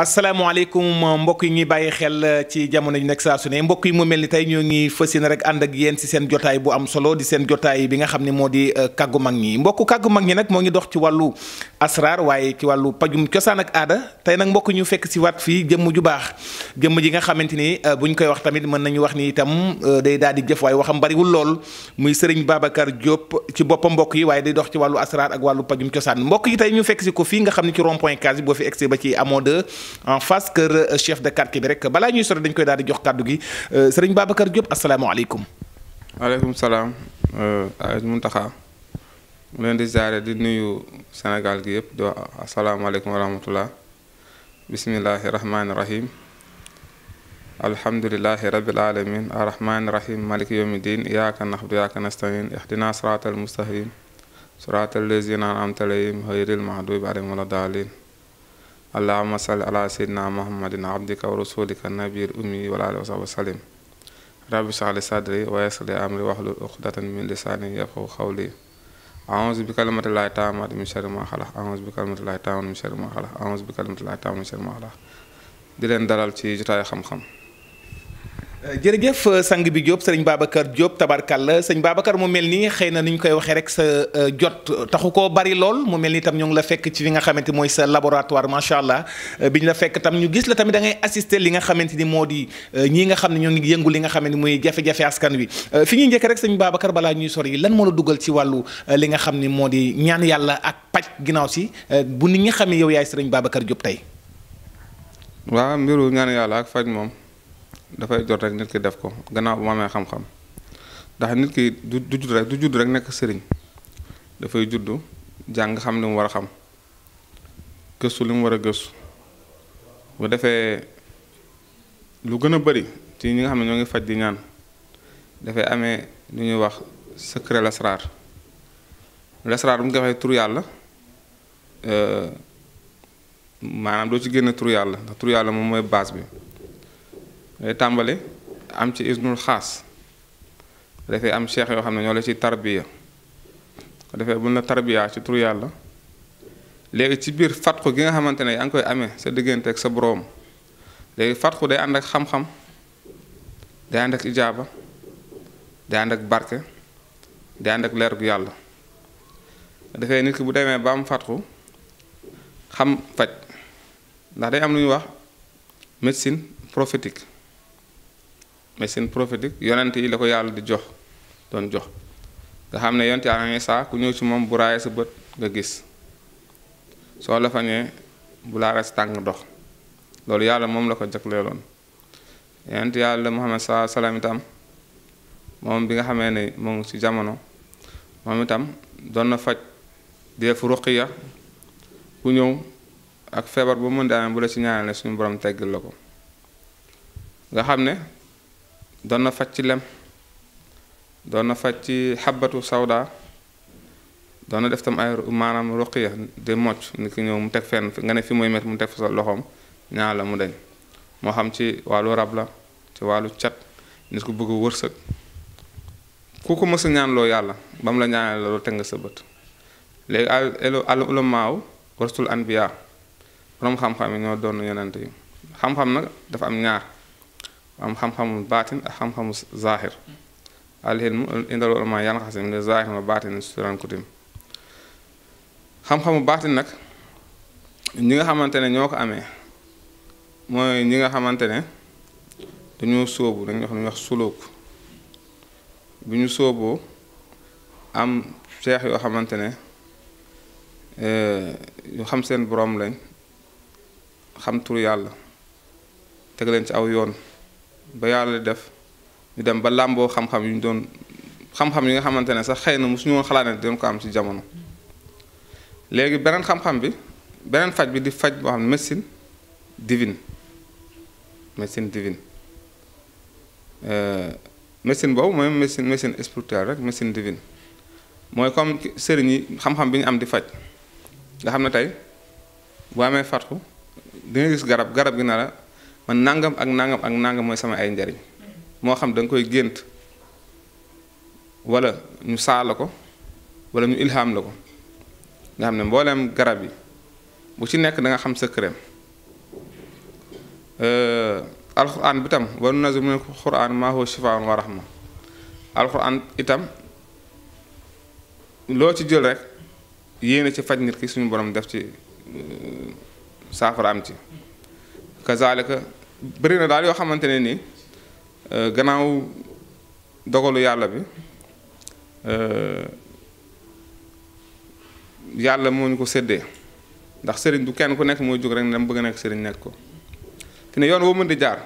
asalaamaaleykum mbokk yi ñuy bàyyi xel euh, ci jamono ji nekk saa su mbokk yi mu mel ni tey ñoo ngi fas yéene rek ànd ak yéen si seen jotaay bu am solo di seen jotaay bi nga xam ne moo di euh, kàggu mag ñi mbokk kàggu mag ñi nag moo ngi dox ci wàllu asraar waaye ci wàllu pajum cosaan ak aada tey nag mbokk fekk si waat fii jëmm ju baax jëmm ji nga xamante ni euh, bu ñu koy wax tamit mën nañu wax ni itam day daal di jëf waaye waxam bariwul lool muy sëriñ Babacar Diop ci boppam mbokk yi waaye day dox ci wàllu asraar ak wàllu pajum cosaan mbokk yi tey ñu fekk si ko fii nga xam ne ci rond point case boo fi egsi ba ci amoo 2 en face kër chef de quartier bi rek bala ñuy sori dañ koy daal di jox kàddu gi serigne Babacar Diop asalaamaaleykum. waaleykum salaam Aliou muntaha mu len di ziare di nuyu Sénégal gi yëpp do assalamu alaykum wa rahmatullah bismillahi rahmaani rahim لله رب العالمين الرحمن الرحيم مالك يوم الدين اياك نعبد واياك نستعين اهدنا الصراط المستقيم صراط الذين انعمت عليهم غير المغضوب عليهم ولا الضالين allahuma salli ala seydina muhammadin abdika wa rasulika nabil ummi wala alihi wa sahbi salim rabbi sahli sadri wa amri wahlul uqdatan min lisani yafqahu qawli a'udhu bi kalimatillahi taamati min sharri ma bi kalimatillahi taamati min sharri ma xalaq a'udhu bi kalimatillahi taamati min sharri ma xalaq di leen dalal ci jotaay xam-xam jërëjëf euh, sang bi Diop sëriñ Babacar Diop tabarkalla sëñ Babacar mu mel nii xëy na ni ñu koy waxee rek sa euh, jot euh, taxu ko bari lool mu mel ni tam ñoo ngi la fekk ci li nga xamante mooy sa macha allah bi ñu la tam ñu gis la tamit da ngay assister li nga xamante ni moo di ñii nga xam ne ñoo ngi yëngu li nga xam ne muy jafe-jafe askan wi fi ñuy njëkk rek sëñ Babacar balaa ñuy sori lan moo la dugal ci wàllu li nga xam ni moo di ñaan yàlla ak paj ginnaaw si bu nit ñi xamee yow yaay sëriñ Babacar Diop tey. waaw mbiru yàlla ak moom dafay jot rek nit ki def ko gannaaw bu ma amee xam-xam ndax nit ki du du judd rek du judd nekk sëriñ dafay juddu jàng xam li mu war a xam gëstu li mu war a gëstu bu defee lu gën a bari ci ñi nga xam ne ñoo ngi faj di ñaan dafay amee lu ñuy wax secret lasraar lasraar bu ñu ko waxee tur yàlla euh, maanaam doo ci génne tur yàlla ndax tur yàlla moom mooy baas bi tambalé am ci iznul khas defee am cheikh yo xam ne ñoo la ci tarbiya defee buñ la tarbiya ci tur yàlla légui ci bir fatxu gi nga xamante ne yaa koy amé sa digënté ak sa borom légui fatxu day ànd ak xam-xam day ànd ak ijaba day ànd ak barke day ànd ak lèr gu yàlla dafay nit ki bu démé ba am fatxu xam faj ndax day am lu ñuy wax médecine prophétique mais seen prophétique yonent yi la ko yàlla di jox doon jox nga xam ne yonent yàlla saa ku ñëw ci moom bu raayee sa bët nga gis soo la fañee bu laaree sa tànk dox loolu yàlla moom la ko jagleeloon yonent yàlla Muhammad saa salaam itam moom bi nga xamee ne moo ngi ci jamono moom itam doon na faj def ruqiya ku ñëw ak feebar bu mën di amee bu la ci ñaanale suñu borom teggil la ko nga xam ne doon na faj ci lem doon na faj ci xabatu sawda doon na def tam ay maanaam ruqiya de mocc ni ki ñëw mu teg fenn nga ne fi muy met mu teg fa sa loxoom ñaa la mu deñ moo xam ci wàllu rab la ci wàllu cat nit ku bëgg wërsëg ku ko mës a ñaan loo yàlla ba mu la ñaanee la loo teg nga sa bët léegi al ulamaaw warasul anbiya borom xam-xam yi ñoo doon yonent yi xam-xam nag dafa am ñaar أم حم حم باتن حم حم ظاهر عليهم إن دارو ما يانا خاصين من ظاهر وباتن سران كتيم حم حم باتن نك نيجا همان تنا نيوك أمي ما نيجا همان تنا دنيو سوبو دنيو خلنا نيوك سلوك بنيو سوبو أم شيخ يو همان تنا يو خمسين برام لين خم تري الله تقلنش أو يون ba yàlla def ñu dem ba làmboo xam-xam yu ñu doon xam yi nga xamante ne sax xëy na mosuñu woon xalaat ne doon ko am ci jamono léegi beneen xam-xam bi beneen faj bi di faj boo xam ne médecine divine médecine divine euh, médecine boobu mooy médecine médecine spirituelle rek médecine divine mooy comme sëriñ yi xam-xam bi ñu am di faj nga xam ne tey boo amee fatxu di nga gis garab garab gi na la ma nangam ak nangam ak nangam mooy sama ay njariñ moo xam da nga koy gént wala ñu saala ko wala ñu ilham la ko nga xam ne mbooleem garab yi bu ci nekk danga xam xam secret alquran bi tam wa nunazzilu mina alquran maa huwa shifaa'un wa rahma alquran itam loo ci jël rek yéene ci faj nit ki suñu borom def ci saafara ci kazalika bëri na daal yoo xamante ne nii euh, gannaaw dogalu yàlla bi euh, yàlla moo ñu ko séddee ndax sëriñ du kenn ku nekk mooy jóg rek ne dama bëgg a nekk sëriñ nekk ko fi ne yoon woo mën di jaar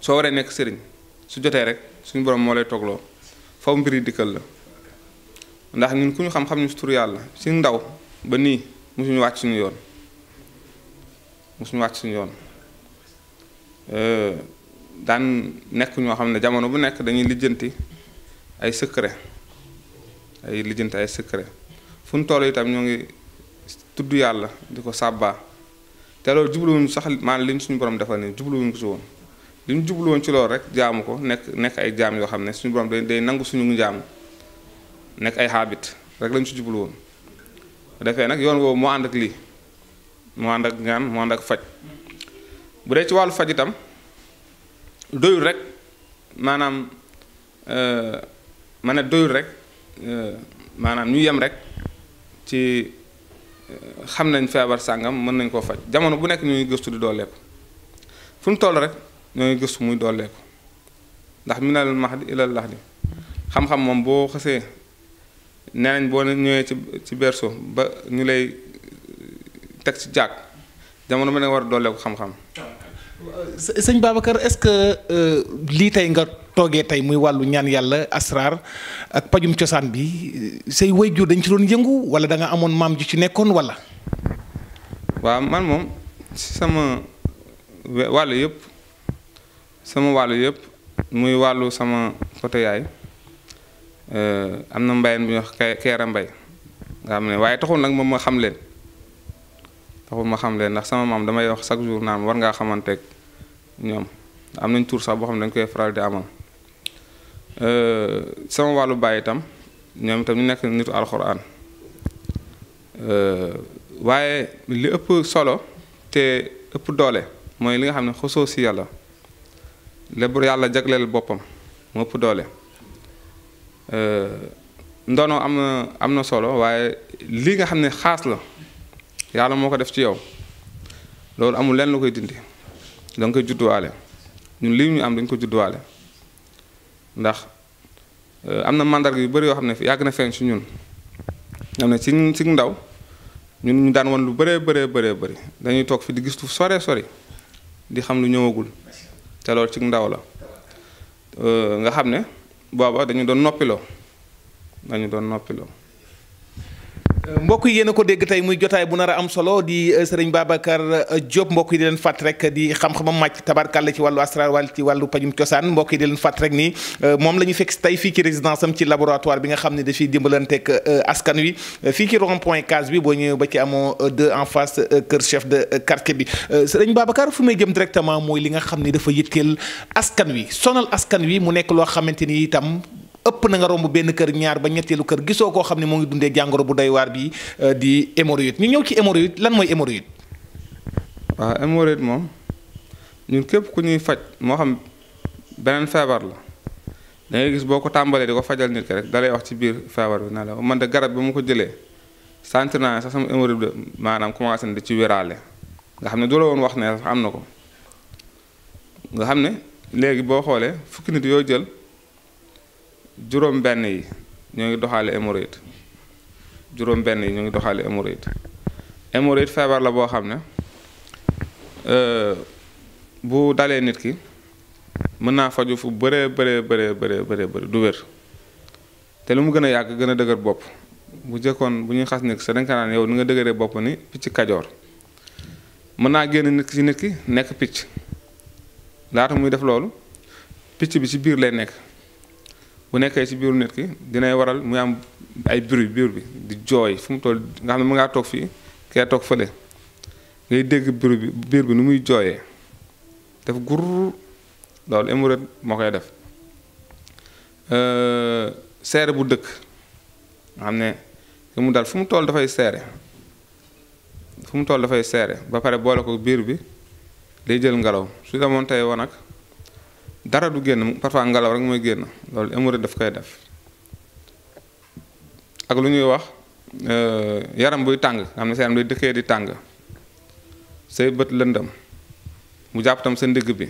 soo waree nekk sëriñ su jotee rek suñu borom moo lay toogloo faw mbir yi dikkal la ndax ñun ku ñu xam-xam ñu si yàlla si ndaw ba nii mosuñu wàcc suñu yoon mosuñu wàcc suñu yoon Euh, daan nekk ñoo xam ne jamono bu nekk dañuy lijjanti ay secret ay lijjanti ay secret fu ñu itam ñoo ngi tudd yàlla di ko sàbbaa te loolu jubluwuñ sax maanaam li suñu borom defal ne jubluwuñ ko si woon li ñu jubluwoon ci loolu rek jaamu ko nekk nekk ay jaam yoo xam ne suñu borom day day nangu suñu jaamu nekk ay habit rek lañ si jubluwoon bu defee nag yoon woowu moo ànd ak lii moo ànd ak ñaan moo ànd ak faj. bu dee ci wàllu faj itam doyul rek maanaam euh, ma ne doyul rek euh, maanaam ñu yem rek ci euh, xam nañ feebar sàngam mën nañ koo faj jamono bu nekk ñuy ngi gëstu di dooleeku fu mu toll rek ñoo gëstu muy dooleeku ndax max mahdi ilal lahdi xam-xam moom boo xasee nee nañ boo ñëwee ci ci berceau ba ñu lay teg ci jàkk jamono bu ne war a dooleeku xam-xam. sëñ Babacar est-ce que euh, lii tey nga toogee tey muy wàllu ñaan yàlla asraar ak pajum cosaan bi euh, say jur dañ ci doon yëngu wala danga amoon maam ju ci nekkoon wala. waaw man moom sama wàllu yëpp sama wàllu yëpp muy wàllu sama côté yaay euh, am na mbayeen bi ñuy wax Keera Mbay nga am ne waaye taxul nag moom ma xam leen taxul ma xam leen ndax sama maam damay wax chaque jour naan war ngaa xamanteeg. ñoom am nañ tour sax boo xam ne dañ koy faral di amal sama wàllu baay tam ñoom itam ñu nekk nitu alxuraan waaye li ëpp solo te ëpp doole mooy li nga xam ne xosoo si yàlla lépp yàlla jagleel boppam moo ëpp doole ndono am na am na solo waaye li nga xam ne xaas la yàlla moo ko def ci yow loolu amul lenn lu koy dindi da nga koy judduwaale ñun lii ñu am dañ ko judduwaale ndax euh, am na mandarga yu bari yoo xam ne yàgg na feeñ si ñun am ne si si ndaw ñun ñu daan wan lu bëree bëree bëree bëri dañuy toog fi di gis lu sore sori di xam lu ñëwagul te loolu ci ndaw la euh, nga xam ne booba dañu doon noppiloo dañu doon noppiloo mbokk yi yéen ko dégg tey muy jotaay bu nara am solo di euh, sëriñ Babacar euh, Diop mbokk yi di leen fàtt rek di xam-xamam màcc la ci wàllu asrar wàll ci wàllu pajum cosaan mbokk yi di leen fàtt rek nii euh, moom la ñu fekk tey fii ci résidence am ci laboratoire bi nga xam ne dafiy dimbalanteeg askan wi fii ci rond point case bi boo ñëwee ba ci amoo deux en face kër chef de quartier bi sëriñ Babacar fu may jëm directement mooy li nga xam ne dafa yëtteel askan wi sonal askan wi mu nekk loo xamante nii itam ëpp na nga romb benn kër ñaar ba ñetteelu kër gisoo koo xam ne moo ngi dundee jàngoro bu doy waar bi euh, di hémorroïde ñu ñëw ci hémorroïde lan mooy hémorroïde. waaw hémorroïde moom ñun képp ku ñuy faj moo xam beneen feebar la da ngay gis boo ko tàmbalee di ko fajal nit ki rek da wax ci biir feebar bi na la man de garab bi mu ko jëlee sentir naa sax sama hémorroïde maanaam commencé na di ci wéraale nga xam ne du la woon wax ne am na ko nga xam ne léegi boo xoolee fukki yoo jël. juróom benn yi ñoo ngi doxaale hémorroïde juróom benn yi ñoo ngi doxaale hémorroïde hémorroïde feebar la boo xam ne euh, bu dalee nit ki mën naa faju fu bëree bëree bëree bëree bëree du wér te lu mu gën a yàgg gën a dëgër bopp bu jëkkoon bu ñuy xas nit ki sa dañ ko ni nga dëgëree bopp ni picc kajoor mën naa génn nit ki ci nit ki nekk picc laata muy def loolu picc bi ci biir lay nekk bu nekkee ci biiru nit ki dinay waral muy am ay bruit biir bi di jooy fu mu toll nga xam ne mu ngaa toog fii kee toog fële ngay dégg biir bi biir bi nu muy jooyee def gur loolu hémorroïde moo koy def euh, seere bu dëkk nga xam ne fi mu dal fu mu tool dafay seere fu mu toll dafay seere ba pare boole ko biir bi day jël ngelaw su demoon tey wanag dara du génn parfois ngalaw rek mooy génn loolu hémorroïde daf koy def ak lu ñuy wax euh, yaram buy tàng am na sa yaram day dëkkee di tàng say bët lëndëm mu jàpp tam sa ndigg bi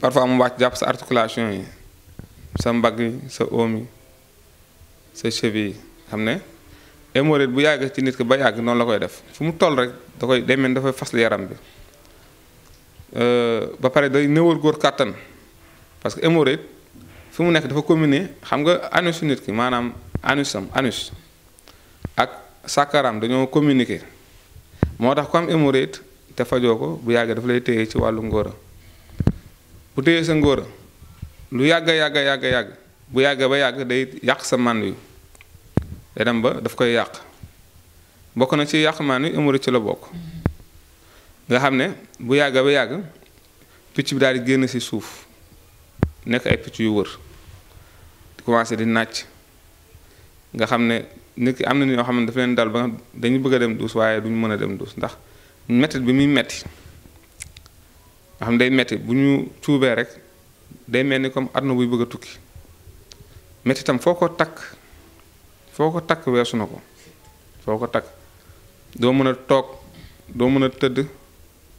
parfois mu wàcc jàpp sa articulation yi sa mbag yi sa omi sa cheville yi xam ne hémorroïde bu yàgg ci nit ki ba yàgg noonu la koy def fu mu toll rek da koy day mel dafay fas yaram bi Euh, ba pare day néewal góor kàttan parce que hémorroïde fi mu nekk dafa combiner xam nga anus nit ki maanaam anusam anus ak sàkkaraam dañoo communiquer moo tax ku am hémorroïde te fajoo ko bu yàggee dafa lay téye ci wàllu ngóora bu téyee sa ngóora lu yàgg yàgg yàgg yàgg bu yàgg ba yàgg day yàq sa mànd yu day ba daf koy yàq bokk na ci yàq mànd yu hémorroïde ci la bokk nga xam ne bu yàgg ba yàgg picc bi daal di génn ci suuf nekk ay picc yu wër commencé di nàcc nga xam ne nit ki am na ñoo xam ne dafa leen dal ba dañu bëgg dem duus waaye duñu mën a dem duus ndax mettit bi muy metti nga xam day metti bu ñu cuubee rek day mel ni comme aduna buy bëgg a tukki mettitam foo ko takk foo ko takk weesu na ko foo ko takk doo mën a toog doo mën a tëdd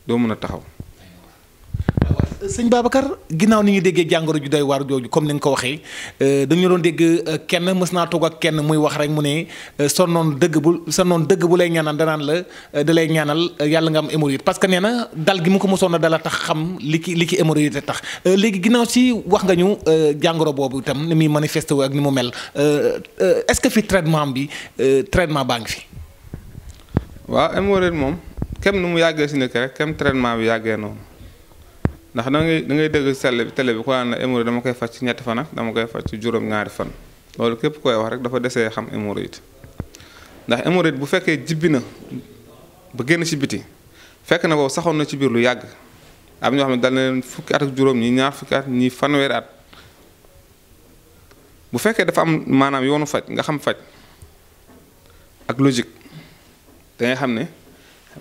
doo mën a taxaw. sëñ baabakar ginnaaw ni ñu déggee jàngoro ju doy waar jooju comme ni nga ko waxee euh, dañu doon dégg euh, kenn mës naa toog ak kenn muy wax rek mu ne euh, son noon dëgg bu son noon dëgg bu lay ñaanal danaan la dalay ñaanal yàlla nga am hémorroïde parce que nee na dal gi mu ko mosoon a dala tax xam li ki li ki hémorroïde tax léegi ginnaaw si wax nga ñu jàngoro boobu itam ni muy manifesté wu ak ni mu mel est-ce que fi traitement bi traitement baa ngi fi. waaw moom. kem nu mu yàggee si nit ki rek kem traitement bi yàggee noonu ndax na ngay da ngay dégg sell bi télé bi ko naan na hémorroïde dama koy faj ci ñetti fan ak dama koy faj ci juróom-ñaari fan loolu képp koy wax rek dafa desee xam hémorroïde ndax hémorroïde bu fekkee jibbi na ba génn ci biti fekk na boobu saxoon na ci biir lu yàgg am ñoo xam ne dal na fukki at ak juróom ñi ñaar fukki at ñi fanweeri at bu fekkee dafa am maanaam yoonu faj nga xam faj ak logique da xam ne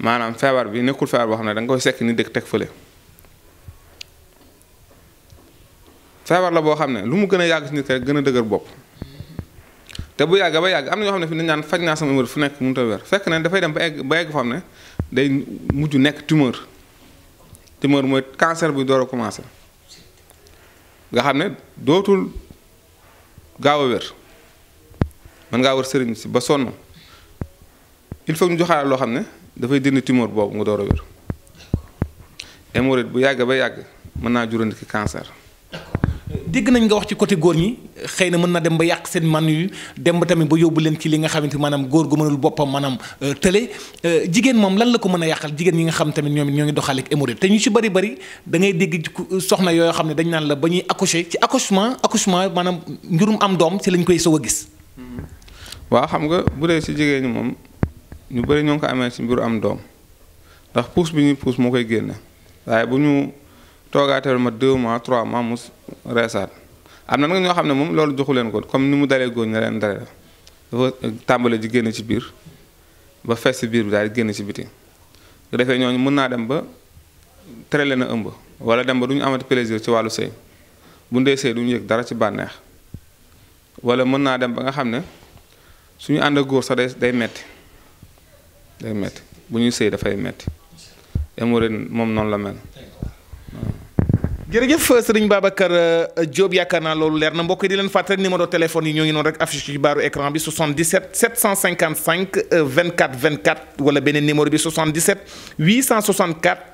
maanaam feebar bi nekkul feebar boo xam ne da nga koy sekk ni dëkk teg fële feebar la boo xam ne lu mu gën a yàgg si nit rek gën a dëgër bopp te bu yàgg ba yàgg am na ñoo xam ne fi dañ naan faj naa sama humeur fu nekk mënut a wér fekk na dafay dem ba egg ba egg foo xam ne day mujj nekk tumeur tumeur mooy cancer bi door a commencé nga xam ne dootul gaaw a wér mën ngaa wër sëriñ si ba sonn il faut ñu joxaale loo xam ne. dafay dindi tumeur boobu nga door a wér hémorroïde bu yàgg ba yàgg mën naa jurandi ki cancer. dégg nañ nga wax ci côté góor ñi xëy na mën na dem ba yàq seen man yu dem ba tamit ba yóbbu leen ci li nga xamante maanaam góor gu mënul boppam maanaam euh, tële euh, jigéen moom lan la ko mën a yàqal jigéen ñi nga xam tamit ñoom ñoo ngi doxalee ak te ñu si bari bari dangay ngay dégg euh, soxna yooyu xam ne dañ naan la ba ñuy accoucher ci accouchement accouchement maanaam njurum am doom ci lañ koy soog a gis. Hmm. waaw xam nga bu dee ci jigéen ñi moom ñu bëri ñoo ngi ko amee ci mbiru am doom ndax pousse bi ñuy pousse moo koy génne waaye bu ñu toogaatee ma 2 mois 3 mois mu reesaat am na nga ñoo xam ne moom loolu joxu leen ko comme ni mu dalee góor ña leen dalee dafa tàmbale ji génn ci biir ba fes ci biir bi daal di génn ci biti bu defee ñooñu mën naa dem ba tere leen a ëmb wala dem ba du ñu amati plaisir ci wàllu sëy bu ndee sëy du ñu yëg dara ci bànneex wala mën naa dem ba nga xam ne suñu ànd ak góor sax day day day metti bu ñuy sëy dafay metti hémorroïde moom noonu la mel. jërëjëf sëriñ Babacar euh, Diop yaakaar naa loolu leer na mbokk yi di leen fàttali rek numéro téléphone yi ñoo ngi noonu rek affiché ci baaru écran bi 77 755 24 24 wala beneen numéro bi 77 864.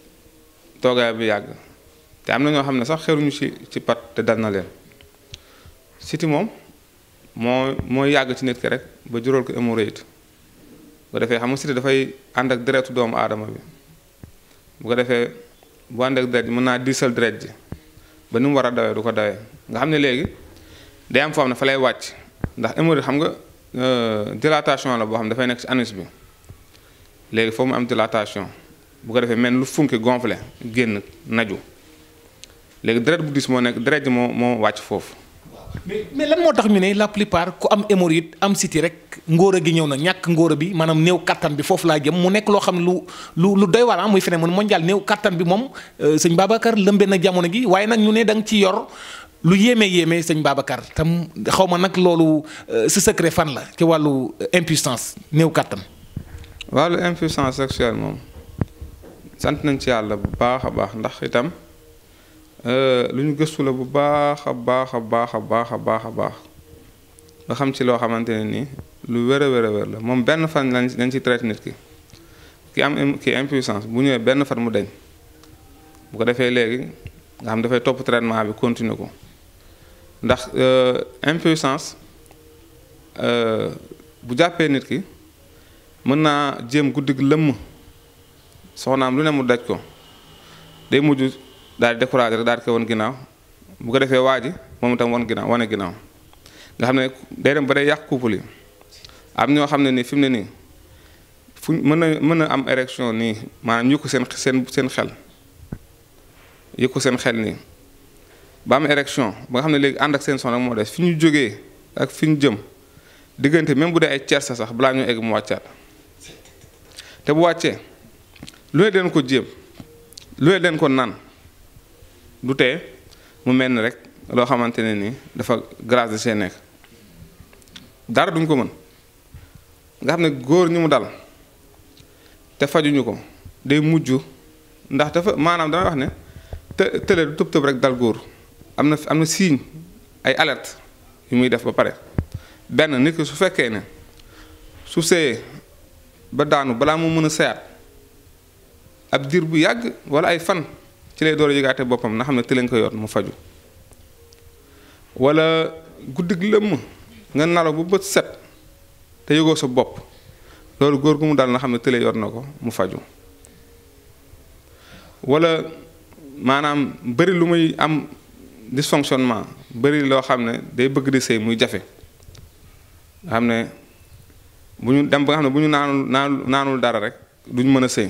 toogaay bi yàgg te am na ñoo xam ne sax xeruñu ci ci pat te dal na leen siti moom moo mooy yàgg ci nit ki rek ba jural ko hémorroïde bu ko defee xam nga siti dafay ànd ak deretu doomu aadama bi bu ko defee bu ànd ak deret ji mën naa diisal deret ji ba nu mu war a dawee du ko dawee nga xam ne léegi day am foo xam ne wàcc ndax hémorroïde xam nga euh, dilatation la boo xam ne dafay nekk ci anus bi léegi foofu mu am dilatation bu ko defee mel lu funki gonflé génn naju léegi deret bu dis moo nekk deret ji moo moo wàcc foofu. mais mais moo tax ñu ne la plupart ku am hémorroïde am siti rek ngóora gi ñëw na ñàkk ngóora bi maanaam néew kàttan bi foofu laa jëm mu nekk loo xam ne lu lu lu doy waar ah, muy phénomène mondial néew kattan bi moom euh, sëñ Babacar lëmbee na jamono gi waaye nag ñu ne da nga ci yor lu yéeme yéeme sañ Babacar tam xaw ma nag loolu euh, sa secret fan la ci wàllu euh, impuissance néew kattan. wàllu impuissance sexuelle moom. sant nañ ci yàlla bu baax a baax ndax itam lu ñu gëstu la bu baax a baax a baax a baax a baax a baax nga xam ci loo xamante ne nii lu wér a wér a wér la moom benn fan lañ lañ ci traité nit ki ki am ki impuissance bu ñëwee benn fan mu deñ bu ko defee léegi nga xam dafay topp traitement bi continuer ko ndax impuissance bu jàppee nit ki mën naa jéem guddig lëmm soxnaam lu ne mu daj ko day mujj daal di rek daal di ko wan ginnaaw bu ko defee waa ji moom itam wan ginnaaw wane ginnaaw nga xam ne day dem ba day yàq couple yi am ñoo xam ne nii fi mu ne nii fu mën na mën na am érection nii maanaam yëkku seen seen seen xel ko seen xel nii ba am érection ba nga xam ne léegi ànd ak seen soxna moo des fi ñu jógee ak fi ñu jëm diggante même bu dee ay cersa sax balaa ñu egg mu wàccaat te bu wàccee. lu ne den ko jéem lu ne den ko naan du tee mu mel ni rek loo xamante ne nii dafa grâce de see nekk dara duñ ko mën nga xam ne góor ñu mu dal te fajuñu ko day mujj ndax dafa maanaam damay wax ne te tële du tëb tëb rek dal góor am na am na signe ay alerte yu muy def ba pare benn nit ki su fekkee ne su seeyee ba daanu balaa mu mën a seyaat ab diir bu yàgg wala ay fan ci lay door a yëgaate boppam na xam ne tëleen ko yoon mu faju wala guddig lëmm nga nalaw bu bët set te yëgoo sa bopp loolu góor gu mu daal na xam ne tële yor na ko mu faju wala maanaam bëri lu muy am dysfonctionnement bari loo xam ne day bëgg di sëy muy jafe nga xam ne bu ñu dem ba nga xam ne bu ñu naanul naanul dara rek duñ mën a sëy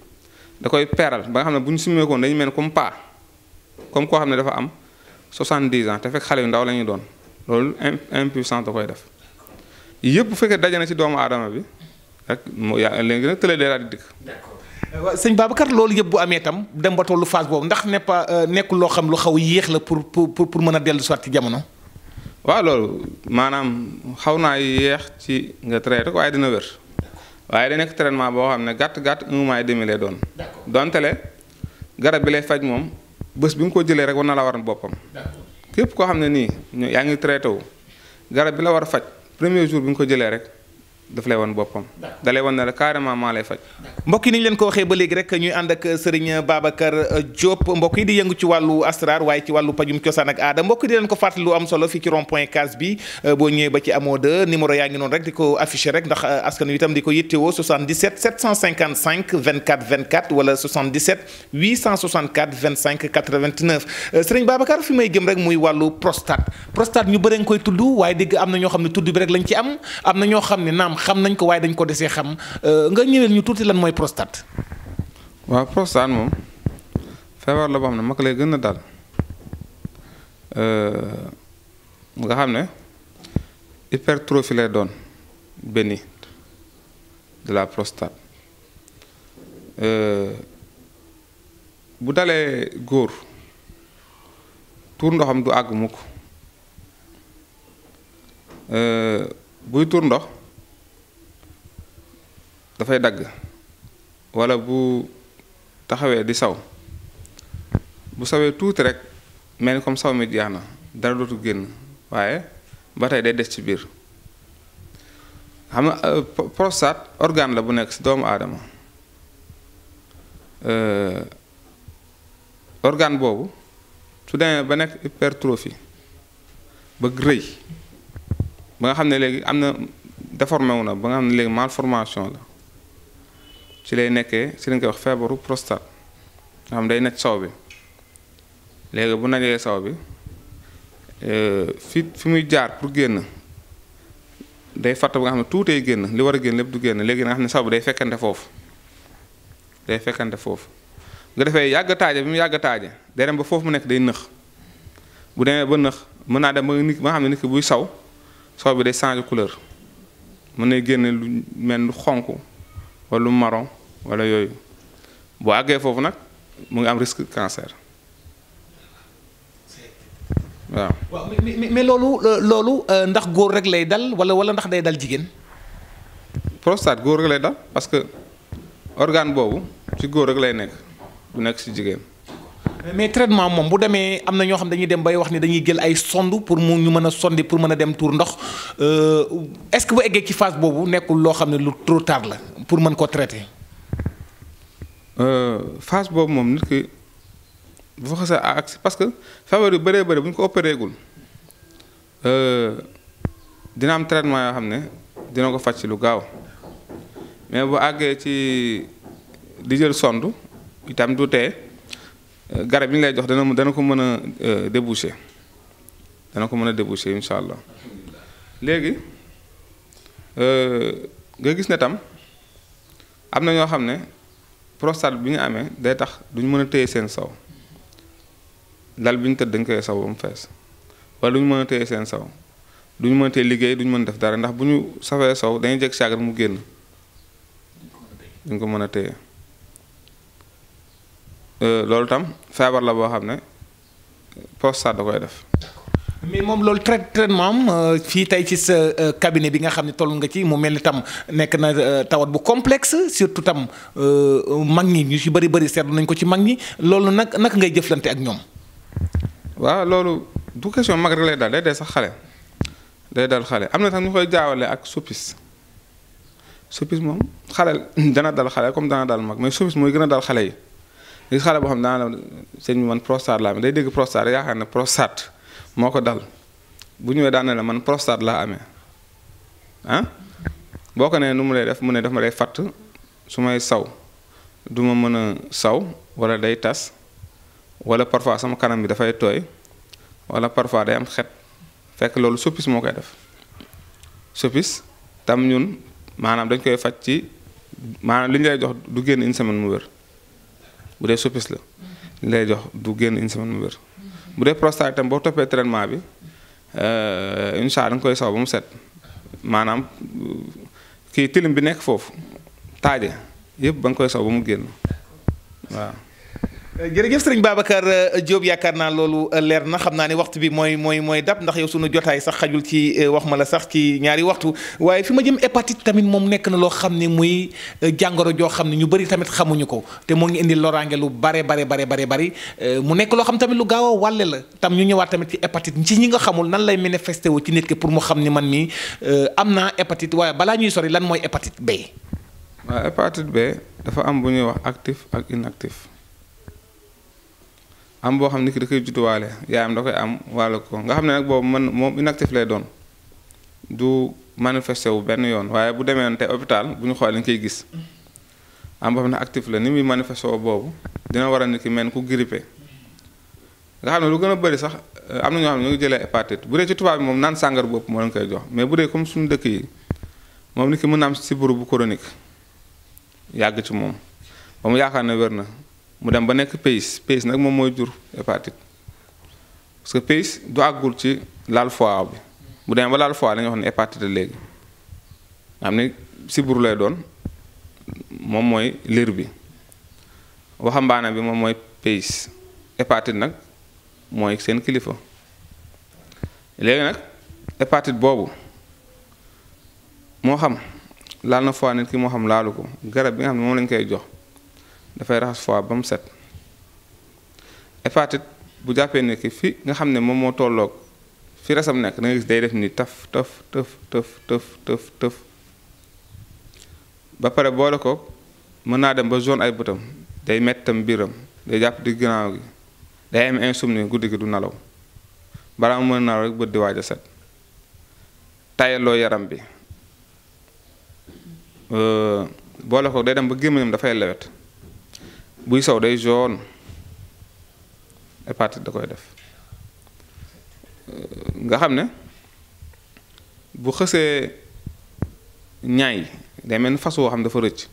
da koy peeral ba nga xamne ne simé ko dañu mel comme pa comme ko xamne dafa am 70 ans te fek xale yu ndaw lañu doon loolu impuissant da koy def yëpp bu dajana ci doomu adama bi ak mu yaa léegi nag tële daal di dik seigne sëñ Babacar loolu yëpp bu amé tam dem ba tollu phase bobu ndax ne pa nekkul loo xam lu xaw yéex la pour pour pour meuna delu sorti jamono. wa lolou manam xawna yéex ci nga traité ko waaye dina wér. waaye da nekk traitement boo xam ne gàtt gàtt un mois et demi lay doon. donte le garab bi lay faj moom bés bi nga ko jëlee rek war na la waran boppam. képp koo xam ne nii yaa ngi traité wu garab bi la war a faj premier jour bi nga ko jëlee rek. daf lay wan boppam. da wan ne la carrément maa lay faj. mbokk yi ñu leen ko waxee ba léegi rek ñuy ànd ak sëriñ Babacar Diop mbokk di yëngu ci wàllu asrar waaye ci wàllu pajum cosaan ak aada mbokk di leen ko fàttali lu am solo fii ci rond point case bi euh, boo ñëwee ba ci amoo de numéro yaa ngi noonu rek di ko affiché rek ndax euh, askan wi itam di ko yittewoo 77 755 24 24 wala 77 sëriñ euh, Babacar fi may jëm rek muy wàllu prostate prostate ñu bëri nga koy tudd waaye dégg na ñoo xam ne tudd bi rek xam nañ ko waaye dañ ko desee xam euh, nga ñëwel ñu tuuti lan mooy prostate. waaw prostate moom feebar la boo xam ne mag lay gën a dal euh, nga xam ne hypertrophie lay doon béni de la prostate euh, bu dalee góor tuur ndoxam du àgg mukk buy tuur ndox dafay dagg wala bu taxawee di saw bu sawee tuuti rek mel ni comme saw mi jeex na dara dootu génn waaye ba tey day des ci biir xam nga euh, prostate organe la bu nekk ci doomu aadama euh, organe boobu su demee ba nekk hypertrophie bëgg rëy ba nga xam ne léegi am na déformé wu na ba nga xam ne léegi malformation la ci lay nekké ci lañ koy wax fièvre prostate nga xam day naj saw bi légui bu nañé saw bi fi fi muy jaar pour génn day fatte ba nga xamné ne tuutay génn li wara génn lépp du génn légui nga xamné saw bi day fekkante fofu day fekkante fofu nga defé yàgg taaje bi mu yàgg taaje day dem ba fofu mu nekk day nëx bu démé ba nëx mën naa dem ba nit ba xamné nit ki buy saw saw bi day changer couleur mën né génne lu mel lu xonk wala lu marron wala yooyu boo àggee foofu nag mu ngi am risque cancer waaw. waaw mais mais loolu loolu euh, ndax góor rek lay dal wala wala ndax day dal jigéen. prostate góor rek lay dal parce que organe boobu ci góor rek lay nekk du nekk ci jigéen. mais traitement moom bu demee am na ñoo xam dañuy dem bay wax ni dañuy jël ay sonde pour mu ñu mën a sondi pour mën a dem tuur ndox euh, est-ce que bu eggee ci phase boobu nekkul loo xam ne lu trop tard la pour mën ko traiter. Euh, phase boobu moom nit ki à accès parce que feebar yu bëree bëri bu ñu ko opéré euh, am traitement yoo xam ne dina ko faj fàcc lu gaaw mais bu àggee ci di jël sonde itam du tee. garab yi ñu lay jox dana dana ko mëna déboucher dana ko mëna déboucher inshallah légui euh nga gis ne tam am na ñoo xam ne prostate bi ñu amee day tax duñ mën a téye seen saw lal bi ñu tëdd dañ koy saw ba mu fees wala duñ mën a téye seen saw duñ mën a téye liggéey duñ mën def dara ndax bu ñu safee saw dañuy jeg saagar mu génn duñ ko mën a téye Euh, loolu tam feebar la boo xam ne prostate da koy def. mais moom loolu trai traitement am euh, fii tey ci sa euh, cabinet bi nga xam ne toll nga ci mu mel ni tam nekk na tawat bu complexe surtout tam mag ñi ñu ci bëri bari seetlu nañ ko ci mag ñi loolu nag naka ngay jëflante ak ñoom. waaw loolu du question mag rek lay dal day dee sax xale day dal xale am na tam ñu koy jaawale ak suppis suppis moom xale dana dal xale comme dana dal mag mais suppis mooy gën a dal xale yi. gis xale boo xam daana sëñ bi man prostate laa amee day dégg prostate yaakaar ne prostate moo ko dal bu ñëwee daan na la man prostate laa amee ah boo ko nee nu mu lay def mu ne dafa lay day fatt su may saw du ma mën a saw wala day tas wala parfois sama kanam bi dafay tooy wala parfois day am xet fekk loolu soppis moo koy def soppis tam ñun maanaam dañ koy faj ci maanaam li ñu lay jox du génn une semaine mu wér bu dee soppis la li jox du génn une semaine mu wér bu dee prostate itam boo toppee traitement bi euh, incha allah nga koy saw ba mu set maanaam kii tilim bi nekk foofu taaje yëpp ba nga koy saw ba mu génn waaw jërëjëf sëriñ Babacar euh, Diop yaakaar naa loolu euh, leer na xam naa ne waxtu bi mooy mooy mooy dab ndax yow sunu jotaay sax xajul ci euh, wax ma la sax ci ñaari waxtu waaye fi ma jëm hépatite tamit moom nekk na loo xam ni muy jàngoro joo xam ne ñu bëri tamit xamuñu ko te moo ngi indi loraange lu bare bare bare bare bari mu nekk loo xam tamit lu gaaw a wàlle la tam ñu ñëwaat tamit ci hépatite ci ñi nga xamul nan lay manifesté wu ci nit ki pour mu xam ni man mii am naa hépatite waaye balaa ñuy sori lan mooy hépatite B. B dafa am bu ñuy wax actif ak inactif. am boo xam ne ki da koy jutuwaale yaayam da koy am wàll ko nga xam ne nag boobu man moom inactif lay doon du manifesté wu benn yoon waaye bu demee tey hôpital bu ñu xool dañ koy gis am boo xam ne la ni muy manifesté wu boobu dina war a nit ki mel ku grippé nga xam lu gën a bëri sax euh, am na ñoo xam ne ñu ngi jëlee hépatite bu dee ci tubaab moom naan sàngar bopp moo leen koy jox mais bu dee comme suñu dëkk yi moom nit ki mën na am sibbiru bu chronique yàgg ci moom ba mu yaakaar na wér na mu dem ba nekk pays pays nag moom mooy jur hépatite parce que pays du àggul ci laal fois bi bu demee ba laal fois lañu wax ne hépatite léegi nga xam ne sibbiru lay doon moom mooy liir bi waxambaane bi moom mooy pays hépatite nag mooy seen kilifa léegi nag hépatite boobu moo xam laal na foie nit ki moo xam laalu ko garab bi nga xam ne moom lañ koy jox dafay raxas fois ba mu set hépatite bu jàppee ne ki fi nga xam ne moom moo tolloog fi resam nekk da gis day def nii taf taf tëf tëf tëf tëf tëf ba pare boole ko mën naa dem ba zone ay bëtam day mettam biiram day jàpp di ginnaaw gi day am insomnie guddi gi du nalaw balaa mu mën a nalaw rek bët di waaja set tayaloo yaram bi boole ko day dem ba gémmiñam dafay lewet buy sow day jaune hépatite da koy def euh, nga xam ne bu xësee ñaay day mel ni fas woo xam dafa rëcc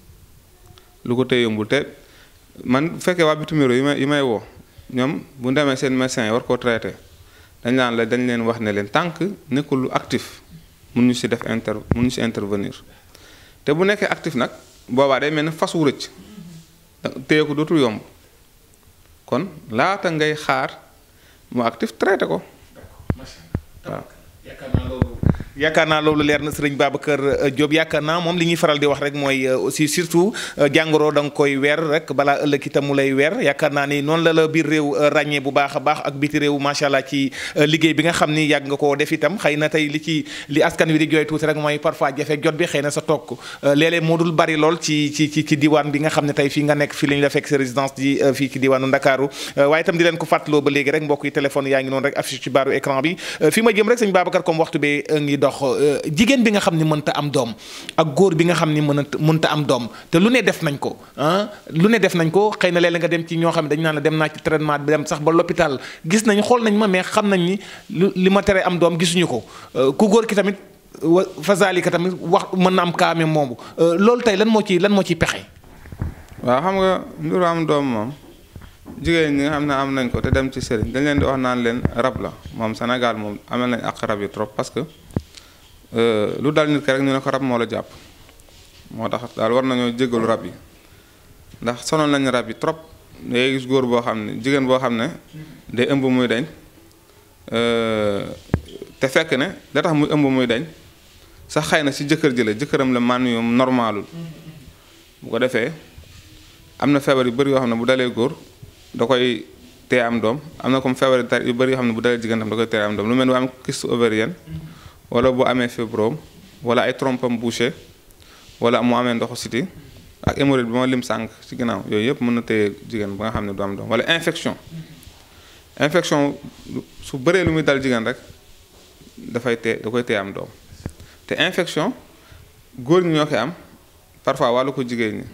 lu ko téye yombul te man bu fekkee waa bitim yi may yi may woo ñoom bu demee seen médecin yi war koo traité dañ naan la dañ leen wax ne leen tànk nekkul lu actif mun ñu si def inter mun ñu si intervenir te bu nekkee actif nag boobaa day mel na fas wu rëcc. téye ko dootul yomb kon laata ngay xaar mu actif traité ko waaw yaakaar naa loolu leer na sëriñ Babacar euh, Diop yaakaar naa moom li ñuy faral di wax rek mooy euh, aussi surtout euh, jàngoro da nga koy weer rek balaa ëllëg itam mu lay weer yaakaar naa ni noonu la la biir réew ràññee bu baax a baax ak biti réew macha allah ci liggéey bi nga xam ni yàgg nga koo def itam xëy na tey li ci li askan wi di tuuti rek mooy parfois jafe jot bi xëy na sa toog moo dul bari lool ci ci ci ci diwaan bi nga xam ne tey fii nga nekk fii la ñu la fekk sa résidence di fii ci diwaanu Ndakaaru waaye itam di leen ko fàttaloo ba léegi rek mbokk yi téléphone yaa ngi noonu rek affiché ci baaru bi fi dox euh, jigéen bi nga xam ni mënta am doom ak góor bi nga xam ni mën mënta am doom te lu ne def nañ ko ah lu ne def nañ ko xëy na léeg nga dem ci ñoo xam ne dañu naan la dem naa ci traitement bi sax ba l'hôpital gis nañ xool nañ ma mais xam nañ ni li ma tere am doom gisuñu ko euh, ku góor ki tamit fazalika tamit wax mën na kaame moomu euh, loolu tey lan moo ci lan moo ciy pexe. waaw xam nga mbiru am xam ne am nañ ko te dem ci sëriñ dañ leen di wax naan leen rab la moom Sénégal moom amal nañ ak rab yi trop parce Euh, lu dal nit ki rek ñu ne ko rab moo la jàpp moo tax daal war nañoo jégalu rab yi ndax sonal nañ rab yi trop day gis góor boo xam ne jigéen boo xam ne day ëmb muy dañ euh, te fekk ne da tax muy ëmb muy dañ sa xëy na si jëkkër ji la jëkkëram la manuum normalul bu ko defee am na feebar yu bëri yoo xam ne bu dalee góor da koy tee am doom am na comme feebar yu bëri yoo xam ne bu dalee jigéen tam da koy tee am doom lu mel ni waa am kyste ovarienne ولا بو امي في بروم ولا اي ترومب ام بوشي ولا مو امي ندوخو سيتي اك اموريد بما ليم سانك سي غيناو يوي ييب مونا تي جيغن باغا خامني دو ام دو ولا انفيكسيون انفيكسيون سو بري لومي دال جيغن رك دا فاي تي دا كوي تي ام دو تي انفيكسيون غور ني نيوكي ام بارفا والو كو جيغي ني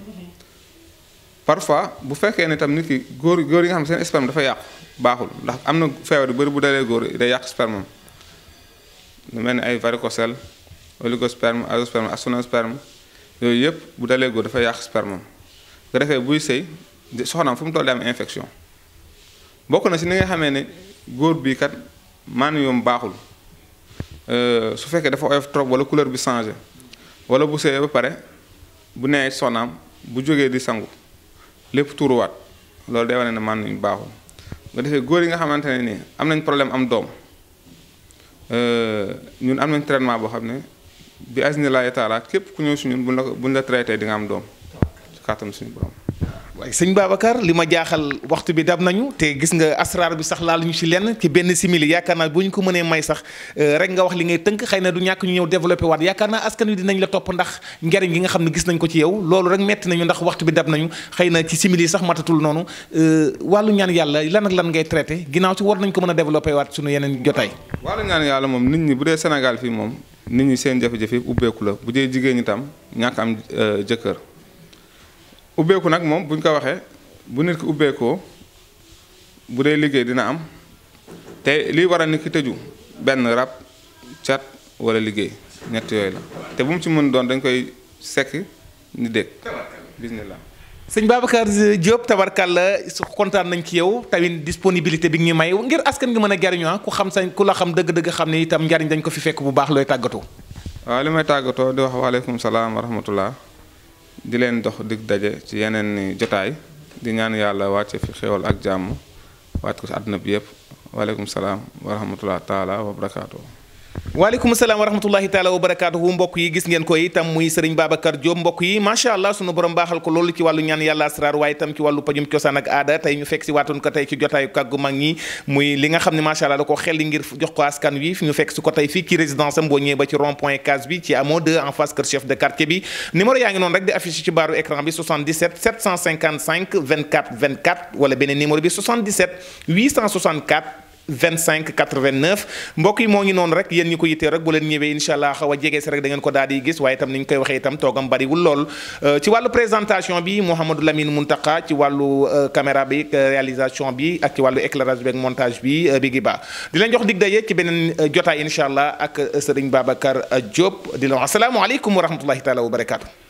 بارفا بو فكه ني تام نيتي غور غور يغا خام سين اسبرم دا فا ياخ باخول ndax amna fever bu beuri bu dalé gor day yak spermam lu mel ni ay varicocèle oligosperme azoosperme actinosperme yooyu yëpp bu dalee góor dafa yàq spermam nga defee buy sëy soxnaam fu mu toll am infection bokk na si ni nga xamee ne góor bii kat maan yoom baaxul euh, su fekkee dafa oyof trop wala couleur bi changé wala bu sëyee ba pare bu nee soxnaam bu jógee di sangu lépp tuuruwaat loolu day wane ne maan yu baaxul nga defee góor yi nga xamante ne nii am nañ problème am doom Euh, ñun am nañ traitement boo xam ne bi asnilaahi taala képp ku ñëw si ñun buñ la buñ la traité di nga am doom ci kàttan suñu borom. waaye sëñ Babacar li ma jaaxal waxtu bi dab nañu te gis nga asraar bi sax ñu ci lenn ci benn simili yaakaar naa bu ñu ko mënee may sax euh, rek nga wax li ngay tënk xëy na du ñàkk ñu ñëw développé waat yaakaar naa askan wi dinañ la topp ndax njariñ gi nga xam ne gis nañ ko ci yow loolu rek metti nañu ndax waxtu bi dab nañu xëy na ci simili sax matatul noonu euh, wàllu ñaan yàlla lan ak lan ngay traité ginnaaw ci war nañ ko mën a développé waat suñu yeneen jotaay wàllu ñaan yàlla moom nit ñi bu dee Sénégal fii moom nit ñi seen jafe-jafe bu dee jigéen ñi tam ñàkk am euh, jëkkër ubbeeku nag moom buñ ko waxee bu nit ki ubbeekoo bu dee liggéey dina am te lii waral nit ki tëju benn rab cat wala liggéey ñett yooyu la te bu mu ci mën doon dañ koy sekk ni dégg bismillah sëñ Babacar Diop la su kontaan nañ ki yow tamit disponibilité bi ñu may ngir askan gi mën a jariñu ah, ku xam sañ ku la xam dëgg-dëgg xam ne itam njariñ dañ ko fi fekk bu baax looy tàggatoo. waaw li may tàggatoo di wax waaleykum salaam wa di leen dox digg daje ci yeneen ni jotaay di ñaan yàlla wàcce fi xéwal ak jàmm wàcc ko ci àdduna bi yëpp waaleykum salaam wa rahmatullah taala wa barakaatu. waaleykum salaam wa rahmatullahi taala wa barakaatuhu mbokk yi gis ngeen ko itam muy sëriñ Babacar Diop mbokk yi macha allah sunu borom baaxal ko loolu ci wàllu ñaan yàlla asraar waaye itam ci wàllu pajum cosaan ak aada tey ñu fekk si waatoon ko tey ci jotaayu kàggu mag ñi muy li nga xam ne macha allah da ko xel ngir jox ko askan wi ñu fekk si ko tey fii ci résidence am boo ñëwee ba ci rond point case bi ci amo 2 en face kër chef de quartier bi numéro yaa ngi noonu rek di affiché ci baaru écran bi 77 755 24 24 wala beneen numéro bi 77 864 2589 89 yi moo ngi noonu rek yéen ñu ko rek bu leen ñëwee incha allah jege si rek da ngeen ko daal di gis waaye itam ni ñu koy waxee itam toogam bariwul lool ci wàllu présentation bi Mouhamadou Lamine Muntaka ci wàllu caméra bi réalisation bi ak ci wàllu éclairage bi ak montage bi bi ba di leen jox dig daje ci beneen jotaay incha ak Serigne Babacar Diop di la wax asalaamaaleykum wa rahmatullahi taala wa barakaatu.